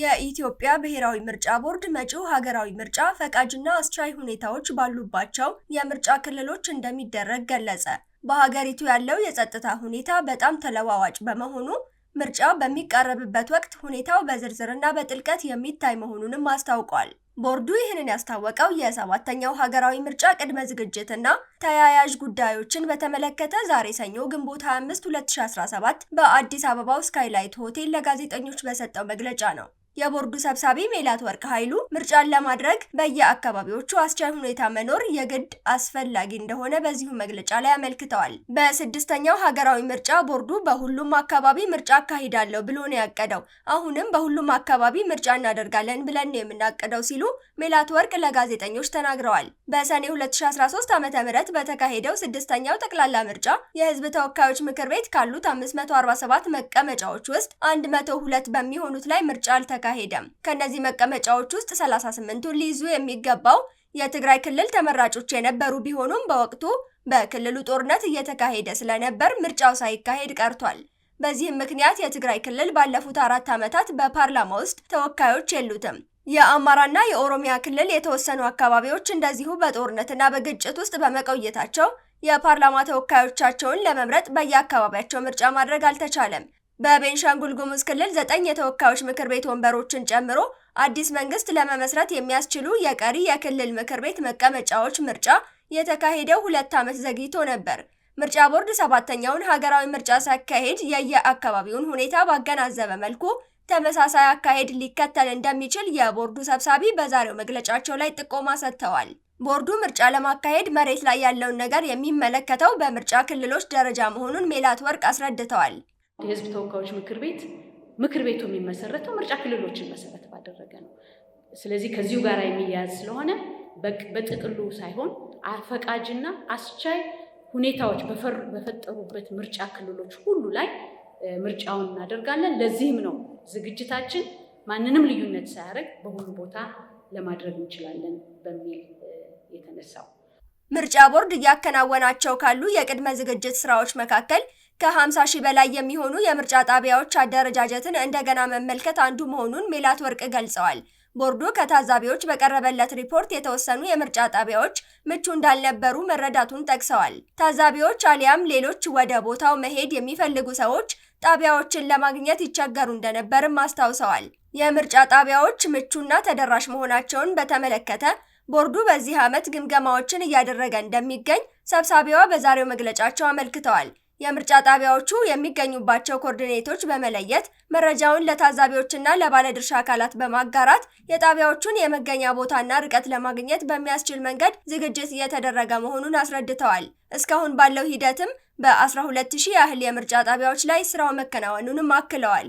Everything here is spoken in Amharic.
የኢትዮጵያ ብሔራዊ ምርጫ ቦርድ መጪው ሀገራዊ ምርጫ ፈቃጅና አስቻይ ሁኔታዎች ባሉባቸው የምርጫ ክልሎች እንደሚደረግ ገለጸ። በሀገሪቱ ያለው የጸጥታ ሁኔታ በጣም ተለዋዋጭ በመሆኑ ምርጫ በሚቃረብበት ወቅት ሁኔታው በዝርዝርና በጥልቀት የሚታይ መሆኑንም አስታውቋል። ቦርዱ ይህንን ያስታወቀው የሰባተኛው ሀገራዊ ምርጫ ቅድመ ዝግጅትና ተያያዥ ጉዳዮችን በተመለከተ ዛሬ ሰኞ ግንቦት 25 2017 በአዲስ አበባው ስካይላይት ሆቴል ለጋዜጠኞች በሰጠው መግለጫ ነው። የቦርዱ ሰብሳቢ ሜላት ወርቅ ኃይሉ ምርጫን ለማድረግ በየአካባቢዎቹ አስቻይ ሁኔታ መኖር የግድ አስፈላጊ እንደሆነ በዚሁ መግለጫ ላይ አመልክተዋል። በስድስተኛው ሀገራዊ ምርጫ ቦርዱ በሁሉም አካባቢ ምርጫ አካሂዳለሁ ብሎ ነው ያቀደው። አሁንም በሁሉም አካባቢ ምርጫ እናደርጋለን ብለን ነው የምናቀደው ሲሉ ሜላት ወርቅ ለጋዜጠኞች ተናግረዋል። በሰኔ 2013 ዓ ም በተካሄደው ስድስተኛው ጠቅላላ ምርጫ የህዝብ ተወካዮች ምክር ቤት ካሉት 547 መቀመጫዎች ውስጥ 102 በሚሆኑት ላይ ምርጫ አልተካ ተካሄደም። ከእነዚህ መቀመጫዎች ውስጥ 38ቱን ሊይዙ የሚገባው የትግራይ ክልል ተመራጮች የነበሩ ቢሆኑም በወቅቱ በክልሉ ጦርነት እየተካሄደ ስለነበር ምርጫው ሳይካሄድ ቀርቷል። በዚህም ምክንያት የትግራይ ክልል ባለፉት አራት ዓመታት በፓርላማ ውስጥ ተወካዮች የሉትም። የአማራና የኦሮሚያ ክልል የተወሰኑ አካባቢዎች እንደዚሁ በጦርነትና በግጭት ውስጥ በመቆየታቸው የፓርላማ ተወካዮቻቸውን ለመምረጥ በየአካባቢያቸው ምርጫ ማድረግ አልተቻለም። በቤንሻንጉል ጉሙዝ ክልል ዘጠኝ የተወካዮች ምክር ቤት ወንበሮችን ጨምሮ አዲስ መንግስት ለመመስረት የሚያስችሉ የቀሪ የክልል ምክር ቤት መቀመጫዎች ምርጫ የተካሄደው ሁለት ዓመት ዘግይቶ ነበር። ምርጫ ቦርድ ሰባተኛውን ሀገራዊ ምርጫ ሲያካሄድ የየአካባቢውን ሁኔታ ባገናዘበ መልኩ ተመሳሳይ አካሄድ ሊከተል እንደሚችል የቦርዱ ሰብሳቢ በዛሬው መግለጫቸው ላይ ጥቆማ ሰጥተዋል። ቦርዱ ምርጫ ለማካሄድ መሬት ላይ ያለውን ነገር የሚመለከተው በምርጫ ክልሎች ደረጃ መሆኑን ሜላት ወርቅ አስረድተዋል። የህዝብ ተወካዮች ምክር ቤት ምክር ቤቱ የሚመሰረተው ምርጫ ክልሎችን መሰረት ባደረገ ነው። ስለዚህ ከዚሁ ጋር የሚያያዝ ስለሆነ በጥቅሉ ሳይሆን ፈቃጅና አስቻይ ሁኔታዎች በፈጠሩበት ምርጫ ክልሎች ሁሉ ላይ ምርጫውን እናደርጋለን። ለዚህም ነው ዝግጅታችን ማንንም ልዩነት ሳያደርግ በሁሉ ቦታ ለማድረግ እንችላለን በሚል የተነሳው። ምርጫ ቦርድ እያከናወናቸው ካሉ የቅድመ ዝግጅት ስራዎች መካከል ከ50 ሺህ በላይ የሚሆኑ የምርጫ ጣቢያዎች አደረጃጀትን እንደገና መመልከት አንዱ መሆኑን ሜላት ወርቅ ገልጸዋል። ቦርዱ ከታዛቢዎች በቀረበለት ሪፖርት የተወሰኑ የምርጫ ጣቢያዎች ምቹ እንዳልነበሩ መረዳቱን ጠቅሰዋል። ታዛቢዎች አሊያም ሌሎች ወደ ቦታው መሄድ የሚፈልጉ ሰዎች ጣቢያዎችን ለማግኘት ይቸገሩ እንደነበርም አስታውሰዋል። የምርጫ ጣቢያዎች ምቹና ተደራሽ መሆናቸውን በተመለከተ ቦርዱ በዚህ ዓመት ግምገማዎችን እያደረገ እንደሚገኝ ሰብሳቢዋ በዛሬው መግለጫቸው አመልክተዋል። የምርጫ ጣቢያዎቹ የሚገኙባቸው ኮርዲኔቶች በመለየት መረጃውን ለታዛቢዎችና ለባለድርሻ አካላት በማጋራት የጣቢያዎቹን የመገኛ ቦታና ርቀት ለማግኘት በሚያስችል መንገድ ዝግጅት እየተደረገ መሆኑን አስረድተዋል። እስካሁን ባለው ሂደትም በ12 ሺህ ያህል የምርጫ ጣቢያዎች ላይ ስራው መከናወኑንም አክለዋል።